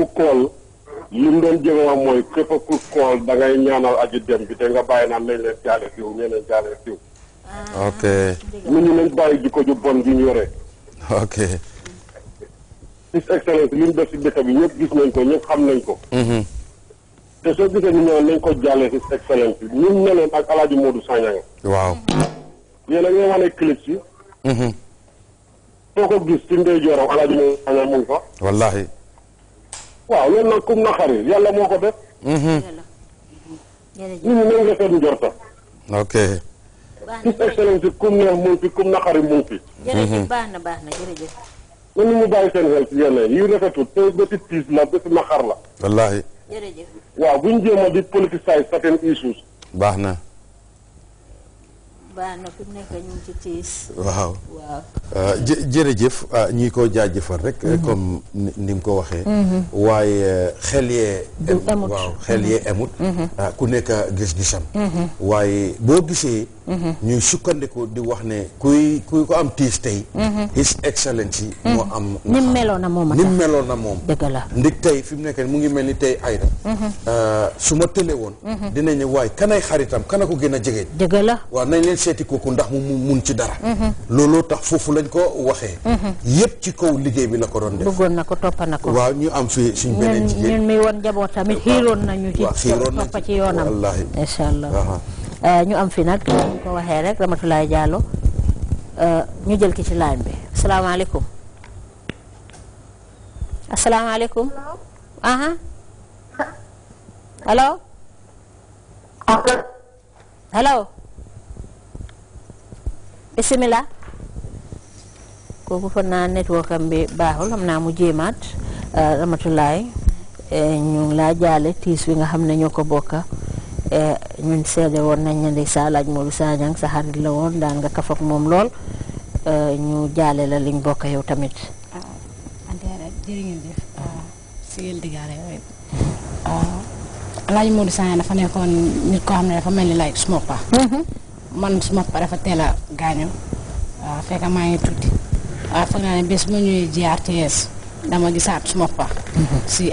ku kool li mu doon jëmee mooy képp ku kool da ngay ñaanal aji dem bi te nga bàyyi naan lañ leen jaale fiw ñu leen jaale fiw. Ah, ok. nit ñi nañ bàyyi jikko ju bon gi ñu yore. ok. His Excellency li mu def si dëkk bi gis nañ ko ñëpp nañ ko. Mm-hmm. te soo gisee ñu ñëwoon ko jàllee His Excellency bi ñu meloon ak El Hadj Modou Sanyang. waaw. yéen a ngi wane clip si. foo mm-hmm. ko gis ci ndeyjooram El Hadj Modou Sanyang mu ngi waaw loolu nag kum naqari yàlla moo ko def. Mm-hmm. jërëjëf nit ñi nañ nga seen njorta. ok. baax na excellence si kum neex mu fi kum mm-hmm. baax na baax na jërëjëf. ni mu bàyyi seen xel ci yenn yi rafetul te ba ci tiis la ba ci naqar la. wallaahi. waaw bu ñu di politicize certain issues. baax na. baax na fi mu nekk ñu ngi ci ah, ah, ñi ko jaajëfal rek. Mhm. comme ni nga ko waxee. Mhm. waaye eh, xel yee. du emut waaw xel yee mhm. emut. Ah, ku nekk gis-gisam. waaye boo gisee. ñuy sukkandiku di wax ne kuy kuy ko am tiis tey mhm. his excellence yi mhm. moo am ni meloon na moom ni meloon na moom dëgg la ndig tey fi mu nekk mu ngi mel ni tey ayda mhm. euh, su ma tële woon dinañ ne waay kanay xaritam kana ko gën a jege dëgg la waaw nañ leen seeti kooku ndax mu mun ci dara looloo tax foofu lañ ko waxee yëpp ci kaw liggéey bi la ko doon def bëggoon na ko toppa na ko waaw ñu am fi suñ beneen jigéen ñun mi woon njaboot tamit xiiroon nañu ci ñu ờ, am fi nag ñu ko waxee rek Ramatoulaye ờ, Diallo ñu jël ki ci laaj bi asalaamaaleykum asalaamaaleykum aha hello hello bismillah bisimilah kooku fan naa network am bi baaxul xam naa mu jéemaat Ramatoulaye ñu la laa jaale tiis wi nga xam ne ñoo ko bokka Eh, ñun seede woon nañ ne ndeysaan El Hadj Modou Sagnang sa xarit la woon daan nga kaf moom lool eh, ñu jaale la liñ bokk yow tamit. ah Anta jërë ah, si yéen digaale yooyu mm-hmm. ah, El dafa nekkoon koo xam ne dafa mel ni lay suma pa. Mm-hmm. man suma pa dafa teel a gaañu ah, fekk maa ngi tuuti waaw ma ñëwee dama gisaat suma pa. Mm-hmm. si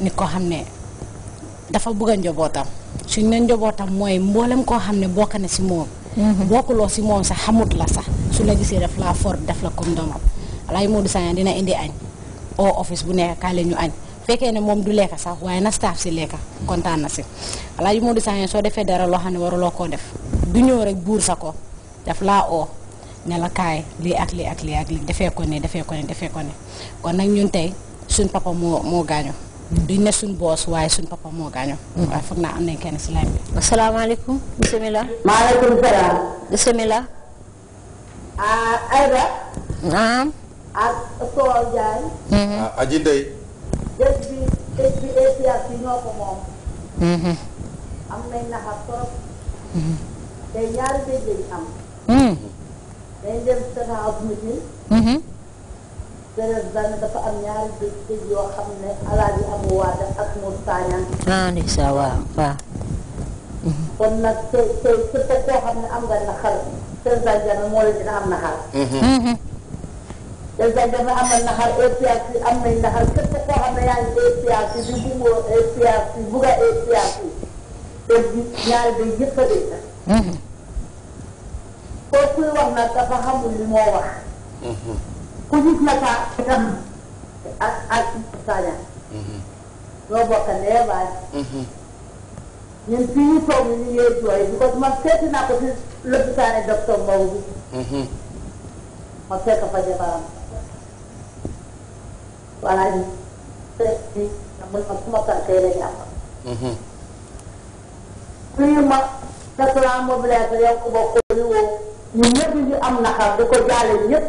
nit koo xam ne. dafa bëgg a njobootam suñ ne njobootam mooy mboolem koo xam ne bokk na si moom. Mhm. bokkuloo si moom sax xamut la sax su la gisee daf laa for daf la comme doomam alaay Modou dina indi añ au office bu nekk kaale ñu añ fekkee ne moom du lekka sax waaye na staff si lekka kontaan na si alaay Modou Sagna soo defee dara loo xam ne waruloo koo def du ñëw rek buur sa ko daf laa oo ne la kaay lii ak lii ak lii ak lii defee ko ne defee ko ne kon nag ñun tey suñ papa moo moo gaañu duñ ne suñ boos waaye suñ papa moo gaañoo. Mm-hmm. waaye foog naa am nañ kenn si laaj bi. asalaamaaleykum bisimilah. maaleykum salaam. bisimilah. ah Aïda. naam. ak Sow Ndiaye. Mm-hmm. ah Aji Ndeye. dëkk bi dëkk bi ACS yi ñoo ko moom. Mm-hmm. am nañ naxar trop. te am. dañ dem sa naaw bu sërës benn dafa am ñaari dëkk yoo xam ne alaaji amu waate ak Mour Sagnane. ah ndeysaan waaw waaw. kon nag tey tey képp koo xam ne am nga naxar président Jammeh moo la dina am naxar. président Jammeh am na naxar APRC am nañ naxar képp koo xam ne yaa ngi APRC di buggoo APRC bugg a APRC te ñaari bi yëpp a dégg. kooku kuy wax nag dafa xamul li moo wax. ku gis la ka itam ak ak Sadio. Mm-hmm. ñoo bokk ndee baay. Mm-hmm. ñun fii ñu toog ñu ngi lay jooy because man seeti naa ko ci lopitaane docteur Mbow bi. Mm-hmm. ma fekk fa jabaram. voilà ñu. ñu mun ma su ma parkee la ñu am. fii ma restaurant mobilier yow ko bokk ñu woo ñu ñëpp ñu am naxar di ko jaale ñëpp.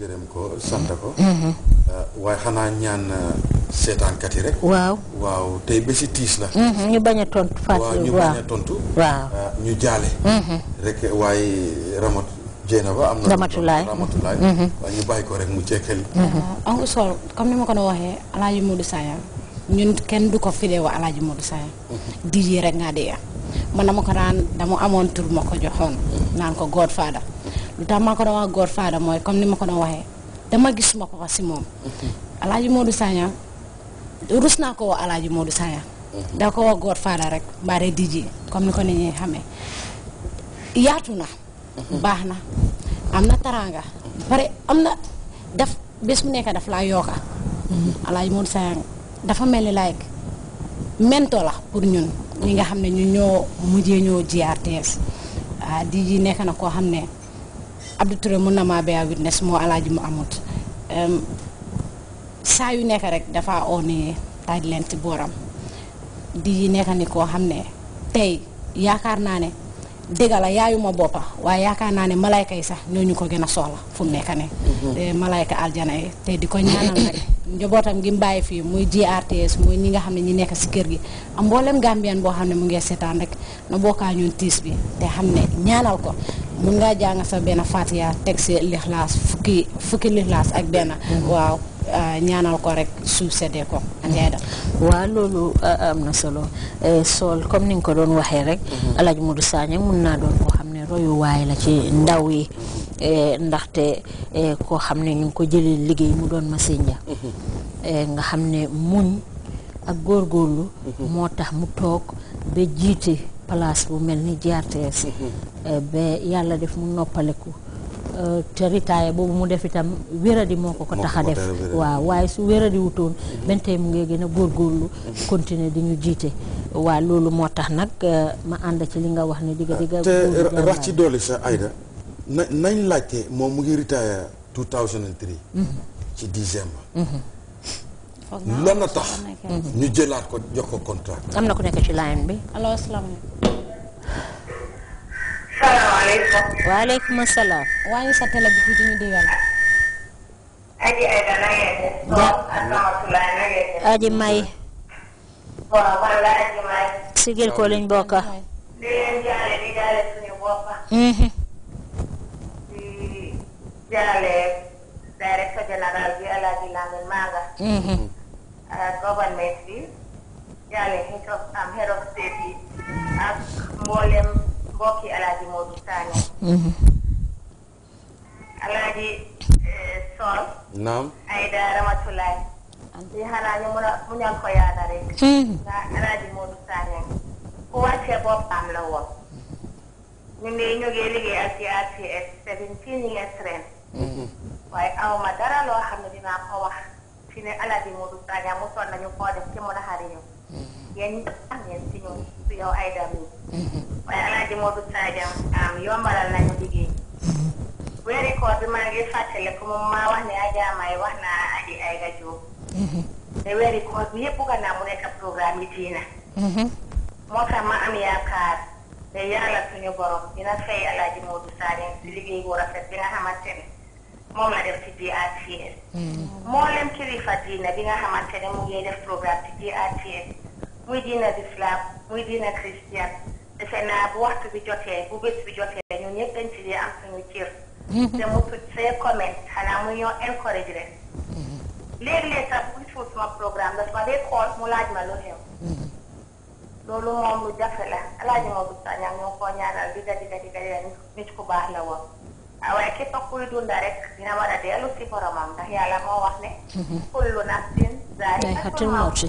gërëm ko sant ko. Mm-hmm. Uh, waaye xanaa ñaan uh, seetaankat yi rek. waaw waaw tey bési tiis la. ñu bañ a tontu Fatou waaw ñu bañ a tontu. waaw uh, ñu jaale. Mm-hmm. rek waaye ramat jéena ba am na. ramatulaay ramatulaay. Mm-hmm. waaye ñu bàyyi ko rek mu jekkali. am solo comme ni ma ko doon waxee El Hadj amoon tur ma ko joxoon naan ko Godfather. lu tax maa ko doon wax góor faada mooy comme ni ma ko doon waxee dama gis ma ko si moom. alaaji Modou Sagna rus naa ko woo alaaji Modou Sagna. da ko woo góor faada rek mbaare diji comme ni ko nit ñi yaatu na. baax na am na taraanga. pare am na daf bés mu nekk daf laa yooka. alaaji Modou Sagna dafa mel ni like mento la pour ñun. ñi nga xam ne ñu ñoo mujjee ñoo ji RTS ah, di ji nekk na koo xam ne. Abdou Touré mun na maa beya witness moo alaaji mu amut saa yu nekk rek dafa oo ne taaj leen ci booram di nekk ni koo xam ne tey yaakaar naa ne dégga la yaayuma ma boppa waaye yaakaar naa ne malayka yi sax ñooñu ko gën a soxla fu mu nekk ne mhm. malayka aljana yi te di ko ñaanal nag njabootam gi mbàyyi fii muy GRTS muy ñi nga xam ne ñi nekk si kër gi am mboolem gambien boo xam ne mu ngi seetaan rek na bokkaa ñun tiis bi te xam ne ñaanal ko mun ngaa jàng sa benn fatiya teg si lixlaas fukki fukki lixlaas ak benn mhm. waaw Euh, ñaanal ko rek suuf seddee ko ngay def loolu euh, am na solo euh, sol comme ni nga ko doon waxee rek mhm. alaaj Modou Sagne mun naa doon koo xam ne royuwaay la ci ndaw yi ndaxte koo xam ne ñu ngi ko jëlee liggéey mu doon masinja mhm. nga xam ne muñ ak góorgóorlu mhm. moo tax mu toog ba jiite place bu mel ni GRTS ba yàlla def mu noppaleku te ritaaya boobu mu def itam wéradi moo ko ko tax a def waaw waaye su wéradi wutoon benn tey mu ngi gën a góorgóorlu continuer di ñu jiite waaw loolu moo tax nag eh, ma ànd ci li nga wax ni digga digga te rax ci doole sa Aïda na nañ laajte moom mu ngi ritaaya 2003 mm-hmm. ci décembre mm-hmm. lan a tax ñu jëlaat ko jox ko contrat am na ku nekk ci line bi asalaamaaleykum. waaleykum asalaam. waa ngi sa télé bi tuuti ñu digal. aji aji may. waaw man la aji may. sigil ko liñ mbokki alaaji Modou Sané mhm. alaaji eh, Sow naam Aïda Ramatoulaye li xanaa ñu mun a muñal ko yàlla rek mhm. nga alaaji Modou Sané ku wàcce boppam la woon ñu ngi ñogee liggéey ak ci RTS seventeen years ren mhm. waaye awma dara loo xam ne dinaa ko wax fi ne alaaji Modou Sané mu sonn nañu koo def ci mun a xariñu yéen ñëpp am ngeen yow Aïda mi waaye Alaaji Modou Sadiam am yombalal nañu liggéey mm-hmm. weeri koor bi maa ngi fàttale ko moom maa wax ne ajaamaay wax naa aji ay ga jóob te weeri koor bi yëpp bugga naa mu nekk programme yi tiina mm-hmm. moo tax ma am yaakaar te yàlla suñu borom dina fay Alaaji Modou Sadiam si liggéey bu rafet bi nga xamante ne la def ci GRTS moo mm-hmm. leen kilifa diina bi nga xamante ne mu ngi def programme ci GRTS muy diina l'islam muy diina christian defe naa bu waxtu bi jotee bu bés bi jotee ñun ñëpp dañ ci am suñu cër. Mhm. te mu tudd say comment xanaa mu ñoo encourage rek. Mhm. léeg-léeg sax bu gisul sama programme dafa ma dee xool mu laaj ma lu xew. Mhm. loolu moom lu jafe la alaaji ma bu sax ñaar ñoo koo ñaanal digga digga digga nit ku baax la woon. Ah, waaye képp kuy dunda rek dina war a dellu si boromam ndax yàlla moo wax ne. kullu nafsin zaa'iqatul mawti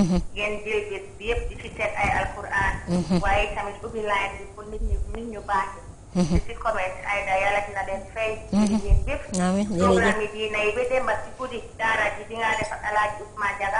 Mm-hmm. ngeen jël bés bi yëpp di ci seet ay alquran. Mm-hmm. waaye tamit ubbi line bi pour nit ñi nit ñu baax mm-hmm. di ci commerce ay da yàlla na leen fay. amiin jërëjëf programme yi diina yi ba démb guddi daara ji di nga def Alaaji Ousmane